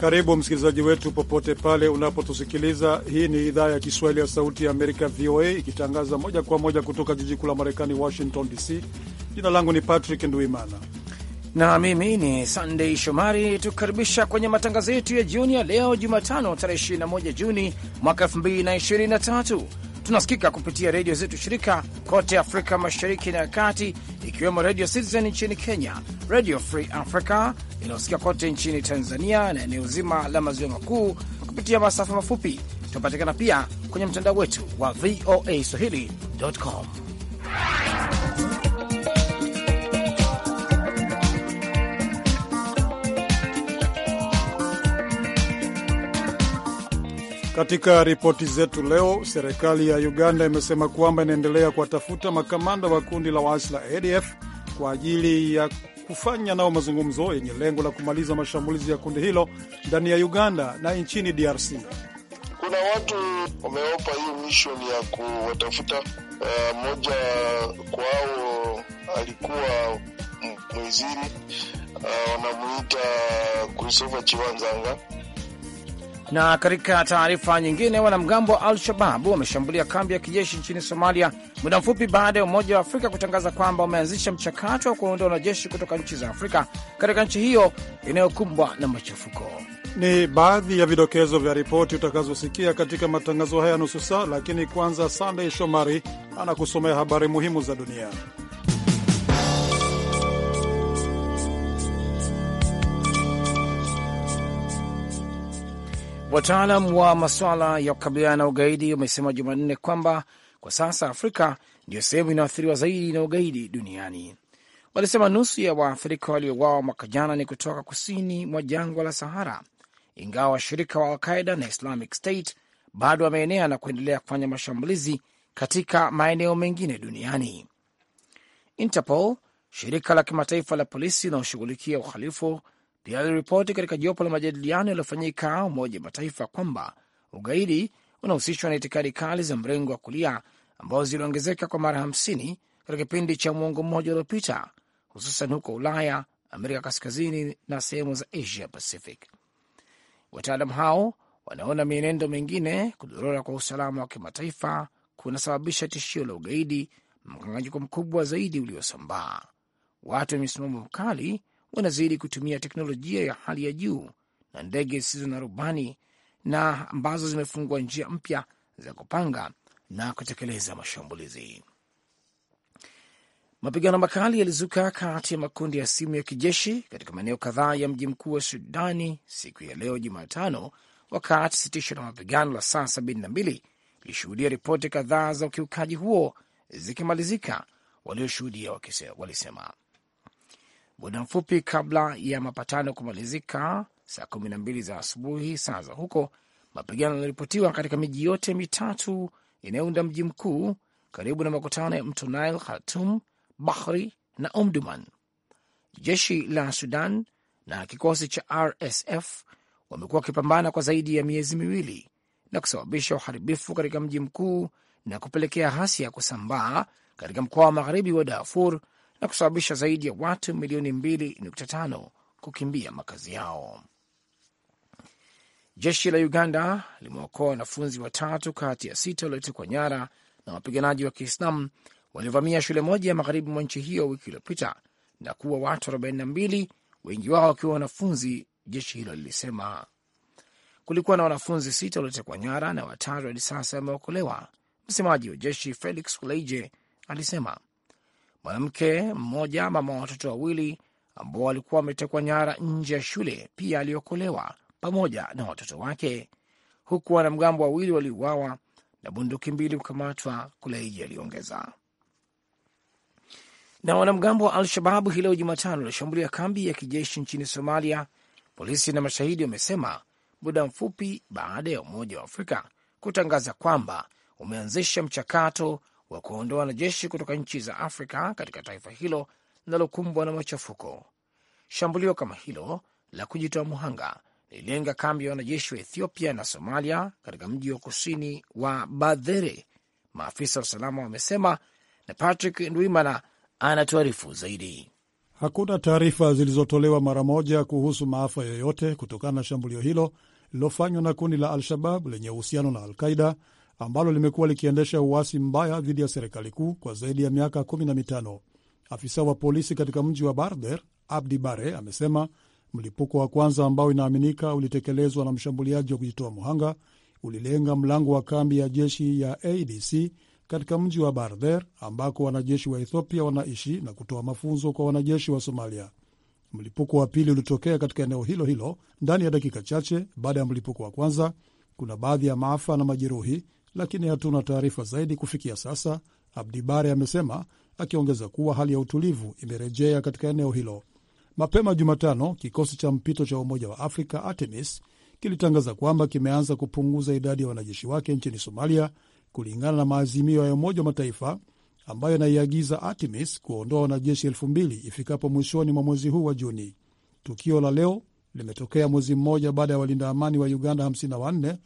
Karibu msikilizaji wetu popote pale unapotusikiliza. Hii ni idhaa ya Kiswahili ya Sauti ya Amerika, VOA, ikitangaza moja kwa moja kutoka jiji kuu la Marekani, Washington DC. Jina langu ni Patrick Nduimana na mimi ni Sandey Shomari, tukukaribisha kwenye matangazo yetu ya jioni ya leo Jumatano tarehe 21 Juni mwaka 2023. Tunasikika kupitia redio zetu shirika kote Afrika Mashariki na ya Kati, ikiwemo redio Citizen nchini Kenya, redio Free Africa inayosikika kote nchini Tanzania na eneo zima la maziwa makuu kupitia masafa mafupi. Tunapatikana pia kwenye mtandao wetu wa VOA swahili.com. Katika ripoti zetu leo, serikali ya Uganda imesema kwamba inaendelea kuwatafuta makamanda wa kundi la waasi la ADF kwa ajili ya kufanya nao mazungumzo yenye lengo la kumaliza mashambulizi ya kundi hilo ndani ya Uganda na nchini DRC. Kuna watu wameopa hii mishoni ya kuwatafuta. Mmoja eh, kwao alikuwa mwiziri, eh, wanamuita uh, Christopher Chiwanzanga na katika taarifa nyingine, wanamgambo wa Al-Shababu wameshambulia kambi ya kijeshi nchini Somalia muda mfupi baada ya Umoja wa Afrika kutangaza kwamba wameanzisha mchakato wa kuondoa wanajeshi kutoka nchi za Afrika katika nchi hiyo inayokumbwa na machafuko. Ni baadhi ya vidokezo vya ripoti utakazosikia katika matangazo haya nusu saa, lakini kwanza, Sandey Shomari anakusomea habari muhimu za dunia. Wataalam wa masuala ya kukabiliana na ugaidi wamesema Jumanne kwamba kwa sasa Afrika ndiyo sehemu inayoathiriwa zaidi na ugaidi duniani. Walisema nusu ya waathirika waliowawa mwaka jana ni kutoka kusini mwa jangwa la Sahara, ingawa washirika wa Alqaida na Islamic State bado wameenea na kuendelea kufanya mashambulizi katika maeneo mengine duniani. Interpol, shirika la kimataifa la polisi linaloshughulikia uhalifu pia aliripoti katika jopo la majadiliano yaliyofanyika Umoja Mataifa kwamba ugaidi unahusishwa na itikadi kali za mrengo wa kulia ambazo ziliongezeka kwa mara 50 katika kipindi cha mwongo mmoja uliopita, hususan huko Ulaya, Amerika Kaskazini na sehemu za Asia Pacific. Wataalam hao wanaona mienendo mingine, kudorora kwa usalama wa kimataifa kunasababisha tishio la ugaidi, mkanganyiko mkubwa zaidi uliosambaa. Watu wenye msimamo mkali wanazidi kutumia teknolojia ya hali ya juu na ndege zisizo na rubani na ambazo zimefungua njia mpya za kupanga na kutekeleza mashambulizi. Mapigano makali yalizuka kati ya makundi ya simu ya kijeshi katika maeneo kadhaa ya mji mkuu wa Sudani siku ya leo Jumatano, wakati sitisho la mapigano la saa mbili ilishuhudia ripoti kadhaa za ukiukaji huo zikimalizika, walioshuhudia walisema muda mfupi kabla ya mapatano kumalizika saa kumi na mbili za asubuhi saa za huko. Mapigano yaliripotiwa katika miji yote mitatu inayounda mji mkuu karibu na makutano ya mto Nile, Khartum, Bahri na Omduman. Jeshi la Sudan na kikosi cha RSF wamekuwa wakipambana kwa zaidi ya miezi miwili na kusababisha uharibifu katika mji mkuu na kupelekea ghasia kusambaa katika mkoa wa magharibi wa Darfur na kusababisha zaidi ya watu milioni 2.5 kukimbia makazi yao. Jeshi la Uganda limeokoa wanafunzi watatu kati ya sita waliotekwa nyara na wapiganaji wa Kiislamu waliovamia shule moja ya magharibi mwa nchi hiyo wiki iliyopita na kuwa watu 42, wengi wao wakiwa wanafunzi, jeshi hilo lilisema. Kulikuwa na wanafunzi sita waliotekwa nyara na watatu hadi sasa wameokolewa. Msemaji wa jeshi Felix Kuleije alisema Mwanamke mmoja mama wa watoto wawili ambao walikuwa wametekwa nyara nje ya shule pia aliokolewa pamoja na watoto wake, huku wanamgambo wawili waliuawa na bunduki mbili kukamatwa, Kuleiji aliongeza. Na wanamgambo wa Al-Shababu hii leo Jumatano walishambulia kambi ya kijeshi nchini Somalia, polisi na mashahidi wamesema, muda mfupi baada ya Umoja wa Afrika kutangaza kwamba umeanzisha mchakato wa kuondoa wanajeshi kutoka nchi za Afrika katika taifa hilo linalokumbwa na machafuko. Shambulio kama hilo la kujitoa muhanga lililenga kambi ya wanajeshi wa Ethiopia na Somalia katika mji wa kusini wa Badhere, maafisa wa usalama wamesema, na Patrick Ndwimana anatuarifu zaidi. Hakuna taarifa zilizotolewa mara moja kuhusu maafa yoyote kutokana na shambulio hilo lililofanywa na kundi la Al-Shabab lenye uhusiano na Al-Qaida ambalo limekuwa likiendesha uasi mbaya dhidi ya serikali kuu kwa zaidi ya miaka kumi na mitano. Afisa wa polisi katika mji wa Barder, Abdi Bare, amesema mlipuko wa kwanza ambao inaaminika ulitekelezwa na mshambuliaji wa kujitoa muhanga ulilenga mlango wa kambi ya jeshi ya ADC katika mji wa Barder ambako wanajeshi wa Ethiopia wanaishi na kutoa mafunzo kwa wanajeshi wa Somalia. Mlipuko wa pili ulitokea katika eneo hilo hilo ndani ya dakika chache baada ya mlipuko wa kwanza. Kuna baadhi ya maafa na majeruhi, lakini hatuna taarifa zaidi kufikia sasa, Abdi Bare amesema, akiongeza kuwa hali ya utulivu imerejea katika eneo hilo. Mapema Jumatano, kikosi cha mpito cha Umoja wa Afrika ATMIS kilitangaza kwamba kimeanza kupunguza idadi ya wanajeshi wake nchini Somalia kulingana na maazimio ya Umoja wa Mataifa ambayo yanaiagiza ATMIS kuondoa wanajeshi elfu mbili ifikapo mwishoni mwa mwezi huu wa Juni. Tukio la leo limetokea mwezi mmoja baada ya walinda amani wa Uganda 54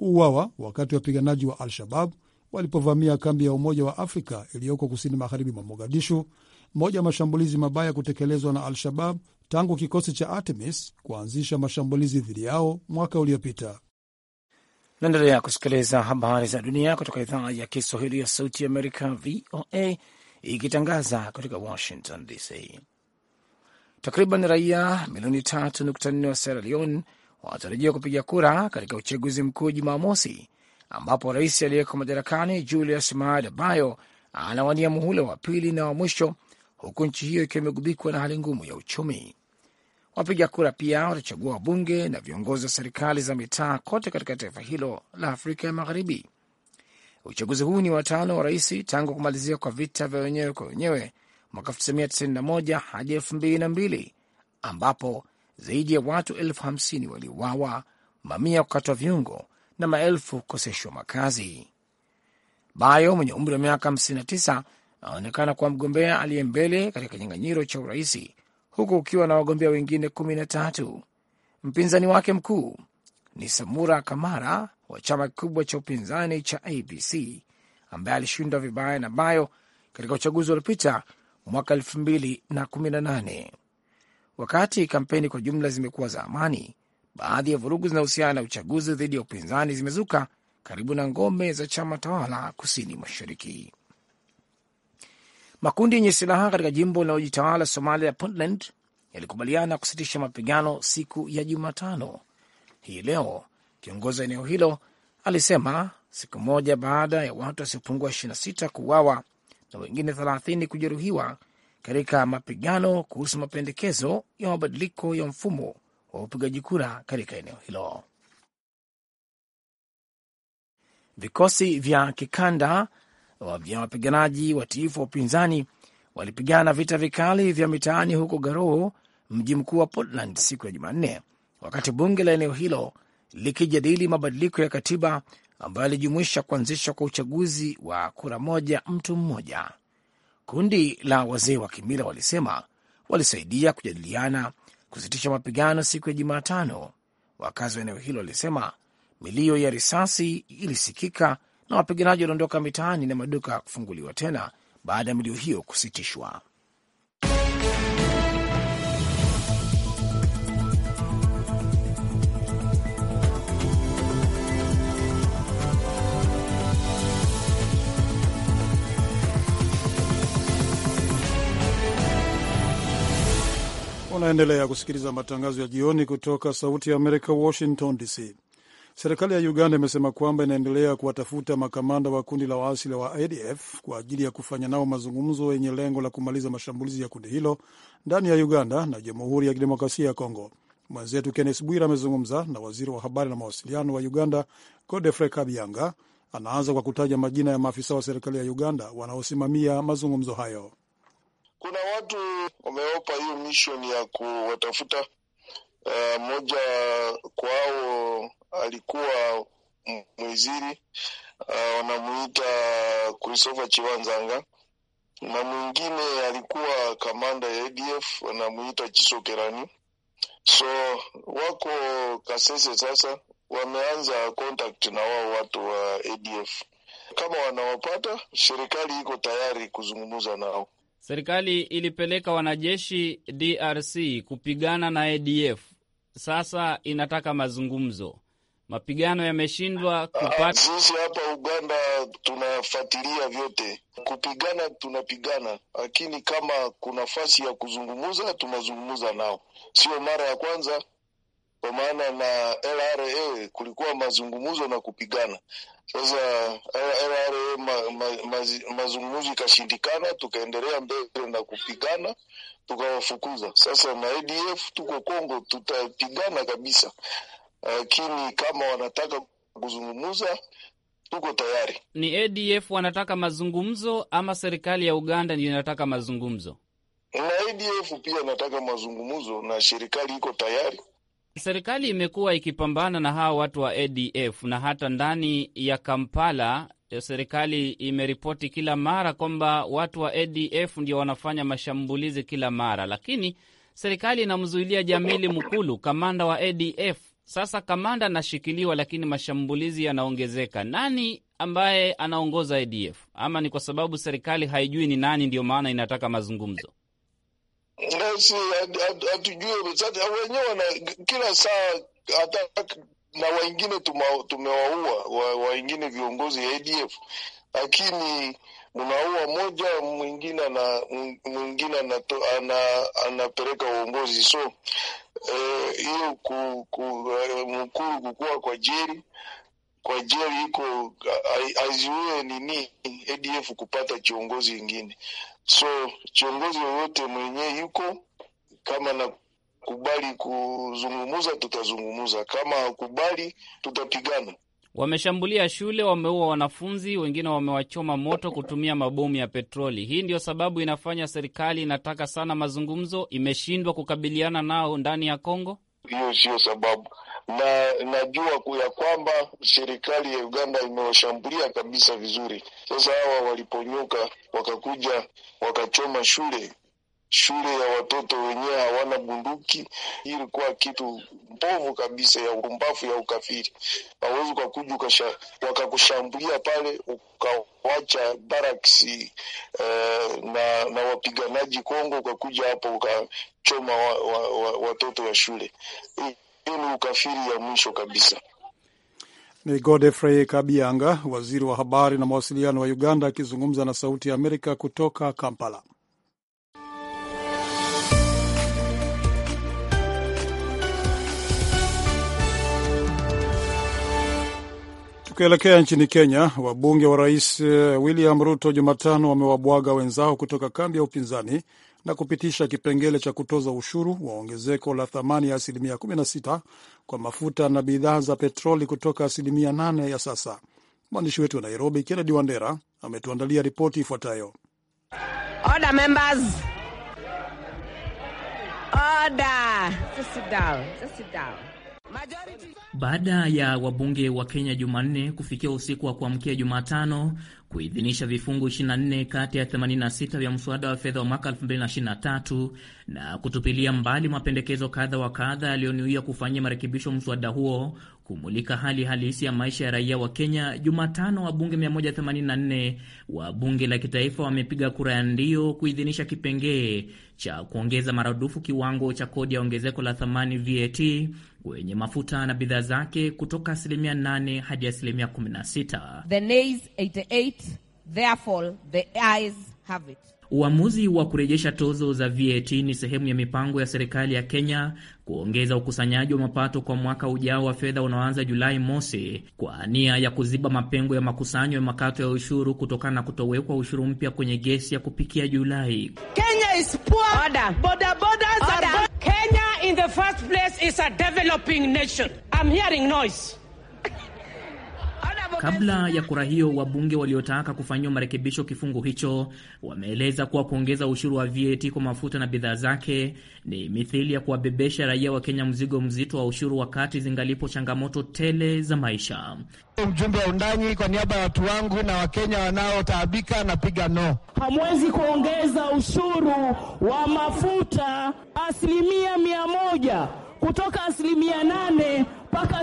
kuuawa wakati wapiganaji wa Al-Shabab walipovamia kambi ya Umoja wa Afrika iliyoko kusini magharibi mwa Mogadishu, moja ya mashambulizi mabaya kutekelezwa na Al-Shabab tangu kikosi cha Artemis kuanzisha mashambulizi dhidi yao mwaka uliopita. Naendelea kusikiliza habari za dunia kutoka idhaa ya Kiswahili ya Sauti Amerika, VOA, ikitangaza kutoka Washington DC. Takriban raia milioni 3.4 wa Sierra Leone wanatarajiwa kupiga kura katika uchaguzi mkuu Jumamosi, ambapo rais aliyeko madarakani Julius Maada Bio anawania muhula wa pili na wa mwisho, huku nchi hiyo ikiwa imegubikwa na hali ngumu ya uchumi. Wapiga kura pia watachagua wabunge na viongozi wa serikali za mitaa kote katika taifa hilo la Afrika ya Magharibi. Uchaguzi huu ni watano wa rais tangu kumalizika kwa vita vya wenyewe kwa wenyewe mwaka 1991 hadi 2002 ambapo zaidi ya watu elfu hamsini waliuawa, mamia kukatwa viungo na maelfu kukoseshwa makazi. Bayo mwenye umri wa miaka 59 anaonekana kuwa mgombea aliye mbele katika kinyang'anyiro cha uraisi huku ukiwa na wagombea wengine kumi na tatu. Mpinzani wake mkuu ni Samura Kamara wa chama kikubwa cha upinzani cha ABC ambaye alishindwa vibaya na Bayo katika uchaguzi uliopita mwaka elfu mbili na kumi na nane. Wakati kampeni kwa jumla zimekuwa za amani, baadhi ya vurugu zinahusiana na uchaguzi dhidi ya upinzani zimezuka karibu na ngome za chama tawala kusini mashariki. Makundi yenye silaha katika jimbo linalojitawala Somalia ya Puntland yalikubaliana kusitisha mapigano siku ya Jumatano hii leo, kiongozi wa eneo hilo alisema, siku moja baada ya watu wasiopungua 26 kuuawa na wengine 30 kujeruhiwa katika mapigano kuhusu mapendekezo ya mabadiliko ya mfumo wa upigaji kura katika eneo hilo. Vikosi vya kikanda vya wapiganaji watiifu wa upinzani walipigana vita vikali vya mitaani huko Garo, mji mkuu wa Portland, siku ya Jumanne, wakati bunge la eneo hilo likijadili mabadiliko ya katiba ambayo yalijumuisha kuanzishwa kwa uchaguzi wa kura moja mtu mmoja. Kundi la wazee wa kimila walisema walisaidia kujadiliana kusitisha mapigano siku ya Jumatano. Wakazi wa eneo hilo walisema milio ya risasi ilisikika na wapiganaji waliondoka mitaani na maduka kufunguliwa tena baada ya milio hiyo kusitishwa. Unaendelea kusikiliza matangazo ya jioni kutoka Sauti ya Amerika, Washington DC. Serikali ya Uganda imesema kwamba inaendelea kuwatafuta makamanda wa kundi la waasi la ADF kwa ajili ya kufanya nao mazungumzo yenye lengo la kumaliza mashambulizi ya kundi hilo ndani ya Uganda na Jamhuri ya Kidemokrasia ya Kongo. Mwenzetu Kennes Bwira amezungumza na waziri wa habari na mawasiliano wa Uganda, godefrey Kabianga. Anaanza kwa kutaja majina ya maafisa wa serikali ya Uganda wanaosimamia mazungumzo hayo. Kuna watu wameopa hiyo mission ya kuwatafuta. Uh, mmoja kwao alikuwa mwiziri eh, wanamuita uh, Christopher Chiwanzanga na mwingine alikuwa kamanda ya ADF wanamuita Chisokerani. So wako Kasese sasa, wameanza contact na wao watu wa ADF. Kama wanawapata, serikali iko tayari kuzungumza nao. Serikali ilipeleka wanajeshi DRC kupigana na ADF, sasa inataka mazungumzo. Mapigano yameshindwa kupata. Ah, sisi hapa Uganda tunafuatilia vyote, kupigana tunapigana, lakini kama kuna fasi ya kuzungumuza tunazungumuza nao. Sio mara ya kwanza, kwa maana na LRA kulikuwa mazungumzo na kupigana sasa eh, eh, LRA ma, ma, mazungumzo ikashindikana, tukaendelea mbele na kupigana, tukawafukuza. Sasa na ADF tuko Kongo, tutapigana kabisa, lakini kama wanataka kuzungumza tuko tayari. Ni ADF wanataka mazungumzo ama serikali ya Uganda ndio inataka mazungumzo? Na ADF pia anataka mazungumzo na serikali iko tayari Serikali imekuwa ikipambana na hawa watu wa ADF na hata ndani ya Kampala eh, serikali imeripoti kila mara kwamba watu wa ADF ndio wanafanya mashambulizi kila mara, lakini serikali inamzuilia Jamili Mkulu, kamanda wa ADF. Sasa kamanda anashikiliwa, lakini mashambulizi yanaongezeka. Nani ambaye anaongoza ADF? Ama ni kwa sababu serikali haijui ni nani, ndio maana inataka mazungumzo? basi hatujue wenyewe wana kila saa hata na wengine tumewaua wengine viongozi ya ADF, lakini mnaua moja mwingine na mwingine anapeleka uongozi. So eh, hiyo ku, ku, eh, mkuu kukua kwa jeri kwa jeri iko aziue nini ADF kupata kiongozi ingine So kiongozi yoyote mwenye yuko kama nakubali kuzungumuza, tutazungumuza. Kama hakubali, tutapigana. Wameshambulia shule, wameua wanafunzi, wengine wamewachoma moto kutumia mabomu ya petroli. Hii ndiyo sababu inafanya serikali inataka sana mazungumzo, imeshindwa kukabiliana nao ndani ya Kongo. Hiyo siyo sababu na najua ya kwamba serikali ya Uganda imewashambulia kabisa vizuri. Sasa hawa waliponyuka wakakuja wakachoma shule shule ya watoto wenyewe hawana bunduki. Hii ilikuwa kitu mbovu kabisa ya urumbafu ya ukafiri. Hawezi ukakuja wakakushambulia pale ukawacha baraks eh, na, na wapiganaji Kongo ukakuja hapo ukachoma wa, wa, wa, watoto wa shule. Hii ni ukafiri ya mwisho kabisa. Ni Godfrey Kabianga, waziri wa habari na mawasiliano wa Uganda, akizungumza na Sauti ya Amerika kutoka Kampala. Tukielekea nchini Kenya, wabunge wa Rais eh, William Ruto Jumatano wamewabwaga wenzao kutoka kambi ya upinzani na kupitisha kipengele cha kutoza ushuru wa ongezeko la thamani ya asilimia 16 kwa mafuta na bidhaa za petroli kutoka asilimia 8 ya sasa. Mwandishi wetu wa Nairobi, Kennedy Wandera, ametuandalia ripoti ifuatayo. Order, members. Majority... Baada ya wabunge wa Kenya Jumanne kufikia usiku wa kuamkia Jumatano kuidhinisha vifungu 24 kati ya 86 vya mswada wa fedha wa mwaka 2023 na kutupilia mbali mapendekezo kadha wa kadha yaliyonuia kufanyia marekebisho mswada huo kumulika hali halisi ya maisha ya raia wa Kenya. Jumatano, wabunge 184 wa bunge la kitaifa wamepiga kura ya ndio kuidhinisha kipengee cha kuongeza maradufu kiwango cha kodi ya ongezeko la thamani VAT kwenye mafuta na bidhaa zake kutoka asilimia 8 hadi asilimia 16. The nays 88, therefore the ayes have it. Uamuzi wa kurejesha tozo za VAT ni sehemu ya mipango ya serikali ya Kenya kuongeza ukusanyaji wa mapato kwa mwaka ujao wa fedha unaoanza Julai mosi kwa nia ya kuziba mapengo ya makusanyo ya makato ya ushuru kutokana na kutowekwa ushuru mpya kwenye gesi ya kupikia Julai. Kenya is poor. Order. Border borders Order. Are... Kenya in the first place is a developing nation. I'm hearing noise. Kabla ya kura hiyo, wabunge waliotaka kufanyiwa marekebisho kifungu hicho wameeleza kuwa kuongeza ushuru wa VAT kwa mafuta na bidhaa zake ni mithili ya kuwabebesha raia wa Kenya mzigo mzito wa ushuru wakati zingalipo changamoto tele za maisha. Mjumbe wa undani kwa niaba ya watu wangu na Wakenya wanaotaabika, napiga no. Hamwezi kuongeza ushuru wa mafuta asilimia mia moja kutoka asilimia nane mpaka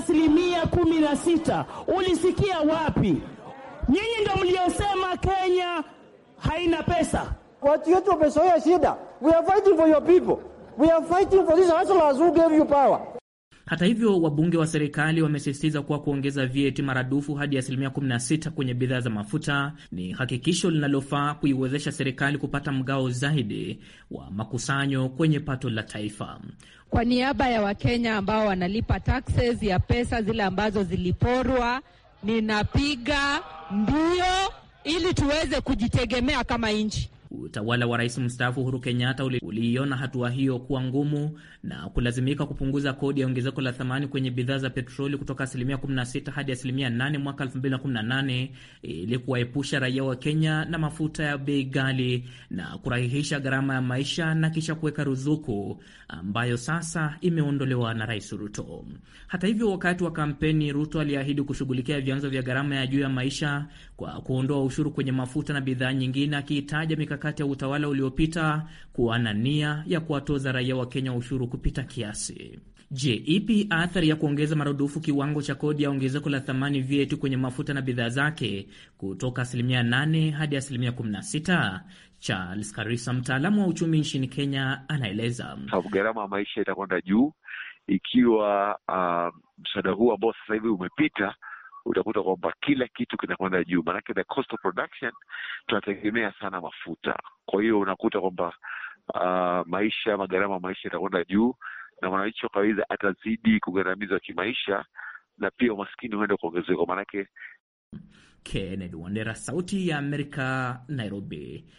kumi na sita ulisikia wapi? Nyinyi ndo mliosema Kenya haina pesa. Watu wetu wamesoea shida. We are fighting for your people. We are fighting for this hustlers who gave you power. Hata hivyo, wabunge wa serikali wamesisitiza kuwa kuongeza VAT maradufu hadi asilimia 16 kwenye bidhaa za mafuta ni hakikisho linalofaa kuiwezesha serikali kupata mgao zaidi wa makusanyo kwenye pato la taifa. Kwa niaba ya Wakenya ambao wanalipa taxes ya pesa zile ambazo ziliporwa, ninapiga mbio ili tuweze kujitegemea kama nchi. Utawala wa rais mstaafu Uhuru Kenyatta uliiona hatua hiyo kuwa ngumu na kulazimika kupunguza kodi ya ongezeko la thamani kwenye bidhaa za petroli kutoka asilimia 16 hadi asilimia 8 mwaka 2018 ili kuwaepusha raia wa Kenya na mafuta ya bei ghali na kurahihisha gharama ya maisha na kisha kuweka ruzuku ambayo sasa imeondolewa na Rais Ruto. Hata hivyo, wakati wa kampeni, Ruto aliahidi kushughulikia vyanzo vya gharama ya juu ya maisha kwa kuondoa ushuru kwenye mafuta na bidhaa nyingine, akiitaja mikakati ya utawala uliopita kuwa na nia ya kuwatoza raia wa Kenya ushuru kupita kiasi. Je, ipi athari ya kuongeza marudufu kiwango cha kodi ya ongezeko la thamani VAT kwenye mafuta na bidhaa zake kutoka asilimia 8 hadi asilimia 16? Charles Karisa, mtaalamu wa uchumi nchini Kenya, anaeleza. Sababu gharama ya maisha itakwenda juu ikiwa um, msaada huu ambao sasa hivi umepita utakuta kwamba kila kitu kinakwenda juu, maanake the cost of production tunategemea sana mafuta. Kwa hiyo unakuta kwamba uh, maisha magharama maisha itakwenda juu, na mwananchi wa kawaida atazidi kugharamizwa kimaisha, na pia umaskini huenda kuongezeka, maanake. Kennedy Wandera, Sauti ya Amerika, Nairobi.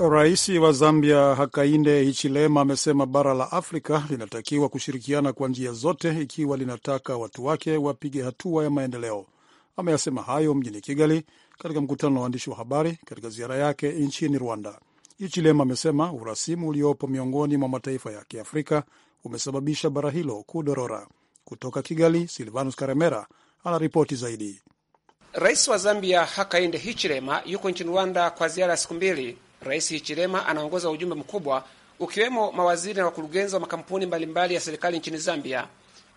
Rais wa Zambia Hakainde Hichilema amesema bara la Afrika linatakiwa kushirikiana kwa njia zote ikiwa linataka watu wake wapige hatua ya maendeleo. Ameyasema hayo mjini Kigali katika mkutano na waandishi wa habari katika ziara yake nchini Rwanda. Hichilema amesema urasimu uliopo miongoni mwa mataifa ya Kiafrika umesababisha bara hilo kudorora. Kutoka Kigali, Silvanus Karemera anaripoti zaidi. Rais wa Zambia Hakainde Hichilema yuko nchini Rwanda kwa ziara ya siku mbili Rais Hichilema anaongoza ujumbe mkubwa ukiwemo mawaziri na wakurugenzi wa makampuni mbalimbali ya serikali nchini Zambia.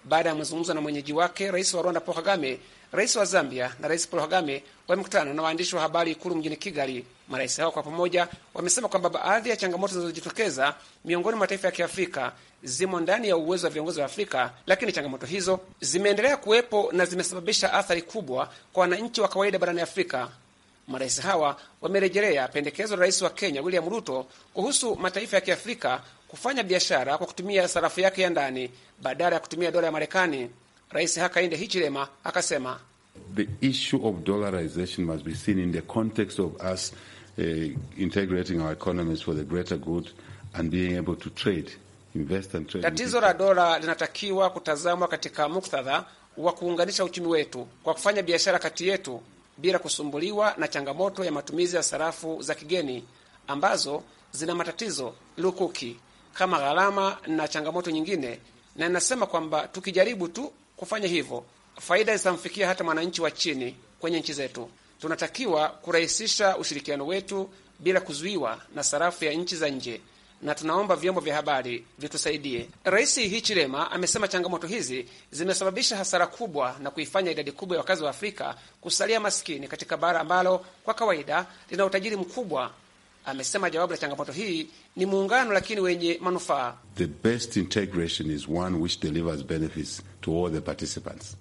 Baada ya mazungumzo na mwenyeji wake, rais wa Rwanda Paul Kagame, rais wa Zambia na rais Paul Kagame wamekutana na waandishi wa habari Ikulu mjini Kigali. Marais hao kwa pamoja wamesema kwamba baadhi ya changamoto zinazojitokeza miongoni mwa mataifa ya kiafrika zimo ndani ya uwezo wa viongozi wa Afrika, lakini changamoto hizo zimeendelea kuwepo na zimesababisha athari kubwa kwa wananchi wa kawaida barani Afrika, marais hawa wamerejelea pendekezo la rais wa Kenya William Ruto kuhusu mataifa ya Kiafrika kufanya biashara kwa kutumia sarafu yake ya ndani badala ya kutumia dola ya Marekani. Rais Hakainde Hichilema akasema The issue of dollarization must be seen in the context of us uh, integrating our economies for the greater good and being able to trade, invest and trade. Tatizo la dola linatakiwa kutazamwa katika muktadha wa kuunganisha uchumi wetu kwa kufanya biashara kati yetu bila kusumbuliwa na changamoto ya matumizi ya sarafu za kigeni ambazo zina matatizo lukuki kama gharama na changamoto nyingine, na inasema kwamba tukijaribu tu kufanya hivyo, faida zitamfikia hata mwananchi wa chini kwenye nchi zetu. Tunatakiwa kurahisisha ushirikiano wetu bila kuzuiwa na sarafu ya nchi za nje na tunaomba vyombo vya habari vitusaidie. Rais Hichilema amesema changamoto hizi zimesababisha hasara kubwa na kuifanya idadi kubwa ya wakazi wa Afrika kusalia maskini katika bara ambalo kwa kawaida lina utajiri mkubwa. Amesema jawabu la changamoto hii ni muungano, lakini wenye manufaa. The best integration is one which delivers benefits to all the participants.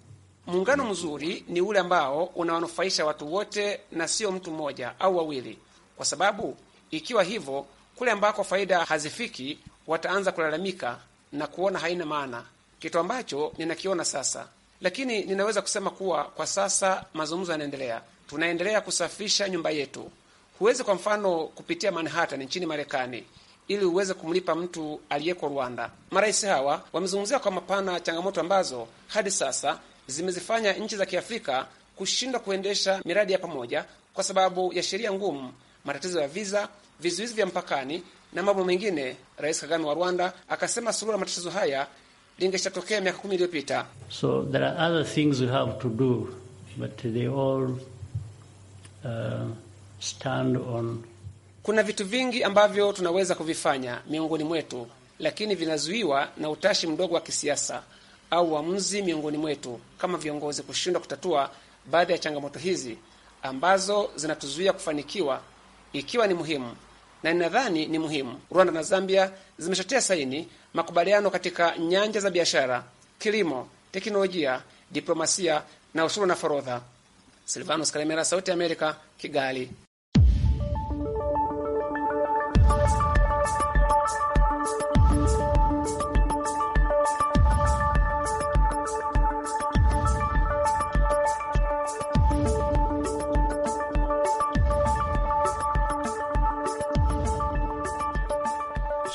Muungano mzuri ni ule ambao unawanufaisha watu wote na sio mtu mmoja au wawili, kwa sababu ikiwa hivyo kule ambako faida hazifiki, wataanza kulalamika na kuona haina maana, kitu ambacho ninakiona sasa. Lakini ninaweza kusema kuwa kwa sasa mazungumzo yanaendelea, tunaendelea kusafisha nyumba yetu. Huwezi kwa mfano kupitia Manhattan nchini Marekani ili uweze kumlipa mtu aliyeko Rwanda. Marais hawa wamezungumzia kwa mapana changamoto ambazo hadi sasa zimezifanya nchi za Kiafrika kushindwa kuendesha miradi ya pamoja kwa sababu ya sheria ngumu, matatizo ya viza vizuizi vya mpakani na mambo mengine. Rais Kagame wa Rwanda akasema suluhu la matatizo haya lingeshatokea miaka kumi iliyopita. So there are other things we have to do but they all uh, stand on. Kuna vitu vingi ambavyo tunaweza kuvifanya miongoni mwetu, lakini vinazuiwa na utashi mdogo wa kisiasa au uamuzi miongoni mwetu kama viongozi kushindwa kutatua baadhi ya changamoto hizi ambazo zinatuzuia kufanikiwa ikiwa ni muhimu na inadhani ni muhimu. Rwanda na Zambia zimeshatia saini makubaliano katika nyanja za biashara, kilimo, teknolojia, diplomasia na ushuru na forodha. Silvanus Kalemera, Sauti ya Amerika, Kigali.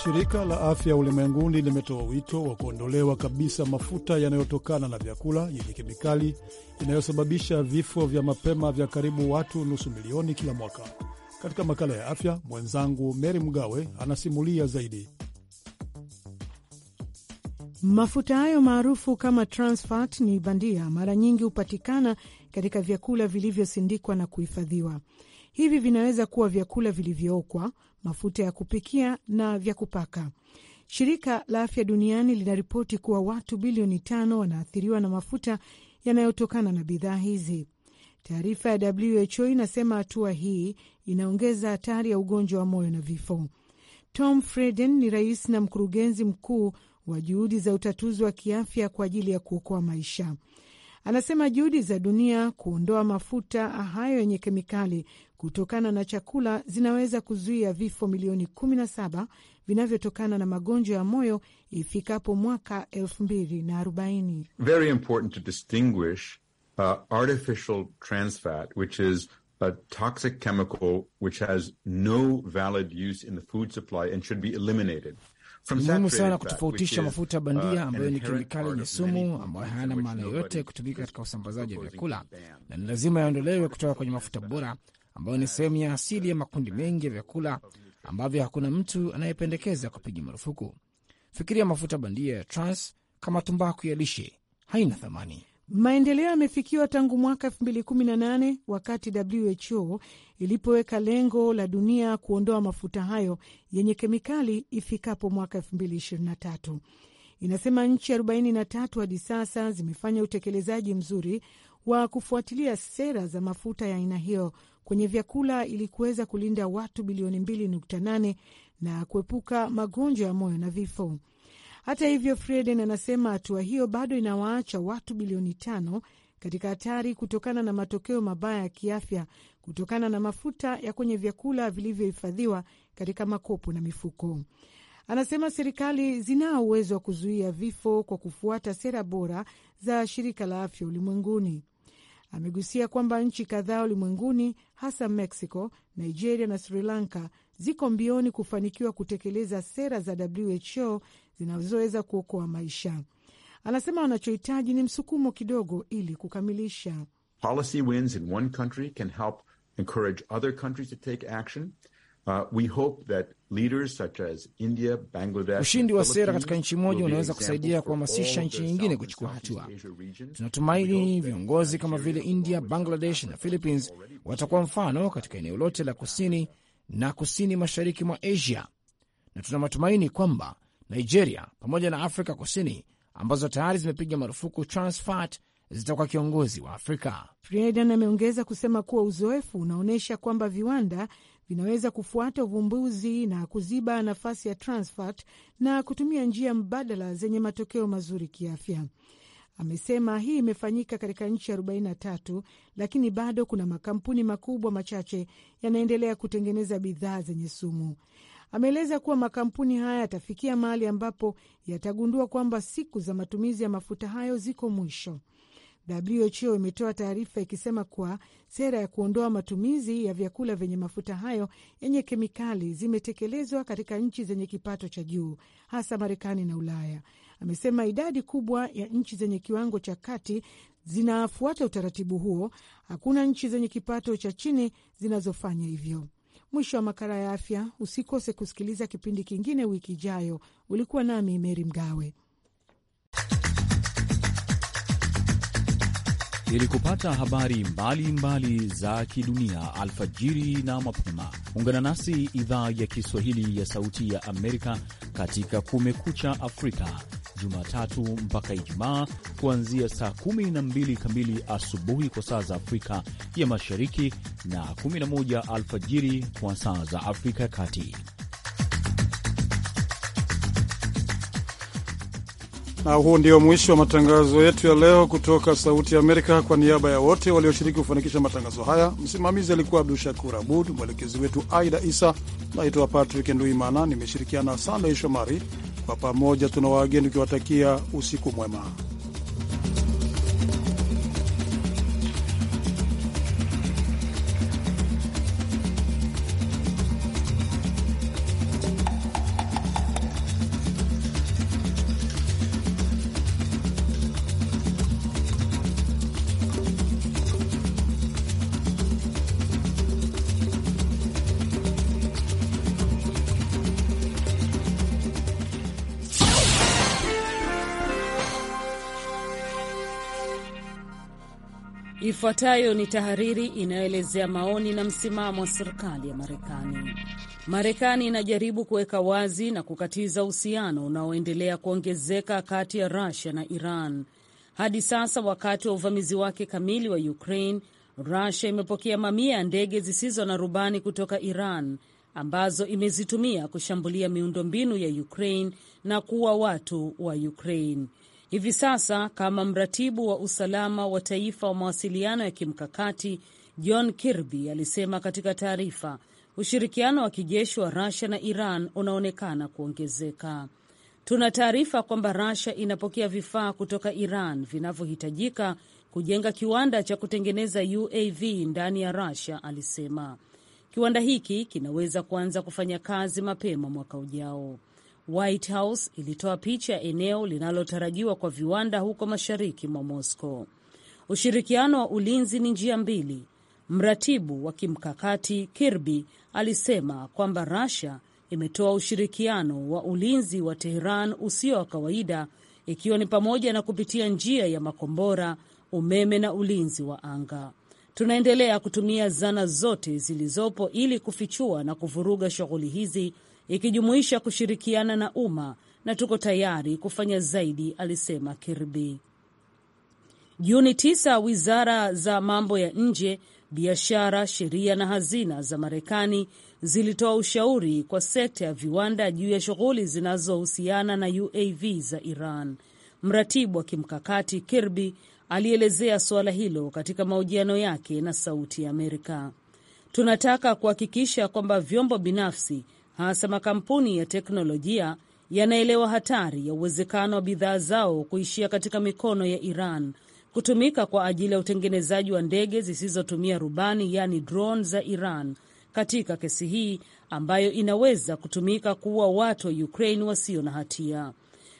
Shirika la Afya Ulimwenguni limetoa wito wa kuondolewa kabisa mafuta yanayotokana na vyakula yenye kemikali inayosababisha vifo vya mapema vya karibu watu nusu milioni kila mwaka. Katika makala ya afya, mwenzangu Meri Mgawe anasimulia zaidi. Mafuta hayo maarufu kama trans fat ni bandia, mara nyingi hupatikana katika vyakula vilivyosindikwa na kuhifadhiwa. Hivi vinaweza kuwa vyakula vilivyookwa, mafuta ya kupikia na vya kupaka. Shirika la Afya Duniani linaripoti kuwa watu bilioni tano wanaathiriwa na mafuta yanayotokana na bidhaa hizi. Taarifa ya WHO inasema hatua hii inaongeza hatari ya ugonjwa wa moyo na vifo. Tom Frieden ni rais na mkurugenzi mkuu wa juhudi za utatuzi wa kiafya kwa ajili ya kuokoa maisha. Anasema juhudi za dunia kuondoa mafuta hayo yenye kemikali kutokana na chakula zinaweza kuzuia vifo milioni 17 vinavyotokana na magonjwa ya moyo ifikapo mwaka 2040. Very important to distinguish uh, artificial trans fat which is a toxic chemical which has no valid use in the food supply and should be eliminated ni muhimu sana kutofautisha mafuta bandia uh, ambayo ni kemikali yenye sumu ambayo hayana maana yoyote kutumika katika usambazaji wa vyakula na ni lazima yaondolewe kutoka kwenye mafuta bora ambayo ni sehemu ya asili ya makundi mengi ya vyakula ambavyo hakuna mtu anayependekeza kupiga marufuku. Fikiria mafuta bandia ya trans kama tumbaku ya lishe, haina thamani. Maendeleo yamefikiwa tangu mwaka 2018 wakati WHO ilipoweka lengo la dunia kuondoa mafuta hayo yenye kemikali ifikapo mwaka 2023. Inasema nchi 43 hadi sasa zimefanya utekelezaji mzuri wa kufuatilia sera za mafuta ya aina hiyo kwenye vyakula ili kuweza kulinda watu bilioni 2.8 na kuepuka magonjwa ya moyo na vifo. Hata hivyo, Frieden anasema hatua hiyo bado inawaacha watu bilioni tano katika hatari kutokana na matokeo mabaya ya kiafya kutokana na mafuta ya kwenye vyakula vilivyohifadhiwa katika makopo na mifuko. Anasema serikali zinao uwezo wa kuzuia vifo kwa kufuata sera bora za shirika la afya ulimwenguni. Amegusia kwamba nchi kadhaa ulimwenguni, hasa Mexico, Nigeria na Sri Lanka, ziko mbioni kufanikiwa kutekeleza sera za WHO zinazoweza kuokoa maisha. Anasema wanachohitaji ni msukumo kidogo ili kukamilisha Policy wins in one country can help encourage other countries to take action. Uh, we hope that leaders such as India, Bangladesh, ushindi wa sera katika nchi moja unaweza kusaidia kuhamasisha nchi nyingine kuchukua hatua. Tunatumaini viongozi kama vile India, Bangladesh na Philippines watakuwa mfano katika eneo lote la kusini na kusini mashariki mwa Asia, na tuna matumaini kwamba Nigeria pamoja na Afrika Kusini ambazo tayari zimepiga marufuku trans fat zitakuwa kiongozi wa Afrika. frieden ameongeza kusema kuwa uzoefu unaonyesha kwamba viwanda vinaweza kufuata uvumbuzi na kuziba nafasi ya trans fat na kutumia njia mbadala zenye matokeo mazuri kiafya. Amesema hii imefanyika katika nchi 43 lakini bado kuna makampuni makubwa machache yanaendelea kutengeneza bidhaa zenye sumu. Ameeleza kuwa makampuni haya yatafikia mahali ambapo yatagundua kwamba siku za matumizi ya mafuta hayo ziko mwisho. WHO imetoa taarifa ikisema kuwa sera ya kuondoa matumizi ya vyakula vyenye mafuta hayo yenye kemikali zimetekelezwa katika nchi zenye kipato cha juu, hasa Marekani na Ulaya. Amesema idadi kubwa ya nchi zenye kiwango cha kati zinafuata utaratibu huo. Hakuna nchi zenye kipato cha chini zinazofanya hivyo. Mwisho wa makala ya afya. Usikose kusikiliza kipindi kingine wiki ijayo. Ulikuwa nami Meri Mgawe. Ili kupata habari mbalimbali mbali za kidunia alfajiri na mapema, ungana nasi idhaa ya Kiswahili ya Sauti ya Amerika katika Kumekucha Afrika Jumatatu mpaka Ijumaa kuanzia saa 12 kamili asubuhi kwa saa za Afrika ya Mashariki na 11 alfajiri kwa saa za Afrika ya Kati. Na huu ndio mwisho wa matangazo yetu ya leo kutoka Sauti ya Amerika. Kwa niaba ya wote walioshiriki kufanikisha matangazo haya, msimamizi alikuwa Abdu Shakur Abud, mwelekezi wetu Aida Isa. Naitwa Patrick Nduimana, nimeshirikiana na Sandey Shomari. Kwa pamoja tuna wageni ukiwatakia usiku mwema. Ifuatayo ni tahariri inayoelezea maoni na msimamo wa serikali ya Marekani. Marekani inajaribu kuweka wazi na kukatiza uhusiano unaoendelea kuongezeka kati ya Rusia na Iran. Hadi sasa, wakati wa uvamizi wake kamili wa Ukraine, Rusia imepokea mamia ya ndege zisizo na rubani kutoka Iran ambazo imezitumia kushambulia miundombinu ya Ukraine na kuua watu wa Ukraine. Hivi sasa kama mratibu wa usalama wa taifa wa mawasiliano ya kimkakati, John Kirby alisema katika taarifa, ushirikiano wa kijeshi wa Russia na Iran unaonekana kuongezeka. Tuna taarifa kwamba Russia inapokea vifaa kutoka Iran vinavyohitajika kujenga kiwanda cha kutengeneza UAV ndani ya Russia, alisema. Kiwanda hiki kinaweza kuanza kufanya kazi mapema mwaka ujao. White House ilitoa picha eneo linalotarajiwa kwa viwanda huko mashariki mwa Moscow. Ushirikiano wa ulinzi ni njia mbili. Mratibu wa kimkakati Kirby alisema kwamba Russia imetoa ushirikiano wa ulinzi wa Tehran usio wa kawaida, ikiwa ni pamoja na kupitia njia ya makombora, umeme na ulinzi wa anga. Tunaendelea kutumia zana zote zilizopo ili kufichua na kuvuruga shughuli hizi ikijumuisha kushirikiana na umma na tuko tayari kufanya zaidi, alisema Kirby. Juni tisa, wizara za mambo ya nje, biashara, sheria na hazina za Marekani zilitoa ushauri kwa sekta ya viwanda juu ya shughuli zinazohusiana na UAV za Iran. Mratibu wa kimkakati Kirby alielezea suala hilo katika mahojiano yake na Sauti ya Amerika. Tunataka kuhakikisha kwamba vyombo binafsi hasa makampuni ya teknolojia yanaelewa hatari ya uwezekano wa bidhaa zao kuishia katika mikono ya Iran, kutumika kwa ajili ya utengenezaji wa ndege zisizotumia rubani, yaani drone za Iran, katika kesi hii ambayo inaweza kutumika kuua watu wa Ukraine wasio na hatia.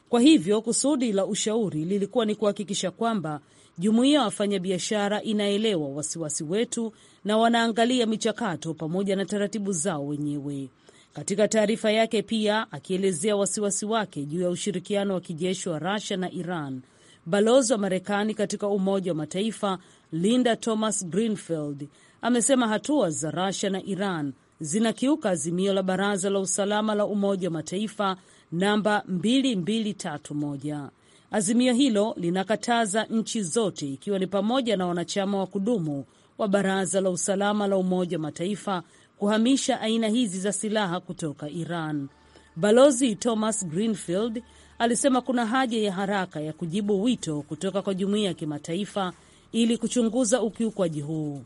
Kwa hivyo kusudi la ushauri lilikuwa ni kuhakikisha kwamba jumuiya ya wafanyabiashara inaelewa wasiwasi wetu na wanaangalia michakato pamoja na taratibu zao wenyewe. Katika taarifa yake pia akielezea wasiwasi wake juu ya ushirikiano wa kijeshi wa rasia na Iran, balozi wa Marekani katika Umoja wa Mataifa Linda Thomas Greenfield amesema hatua za rusia na Iran zinakiuka azimio la Baraza la Usalama la Umoja wa Mataifa namba 2231. Azimio hilo linakataza nchi zote ikiwa ni pamoja na wanachama wa kudumu wa Baraza la Usalama la Umoja wa Mataifa kuhamisha aina hizi za silaha kutoka Iran. Balozi Thomas Greenfield alisema kuna haja ya haraka ya kujibu wito kutoka kwa jumuiya ya kimataifa ili kuchunguza ukiukwaji huu.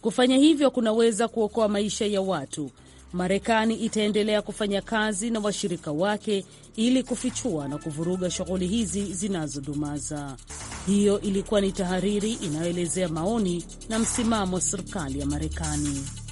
Kufanya hivyo kunaweza kuokoa maisha ya watu. Marekani itaendelea kufanya kazi na washirika wake ili kufichua na kuvuruga shughuli hizi zinazodumaza. Hiyo ilikuwa ni tahariri inayoelezea maoni na msimamo wa serikali ya Marekani.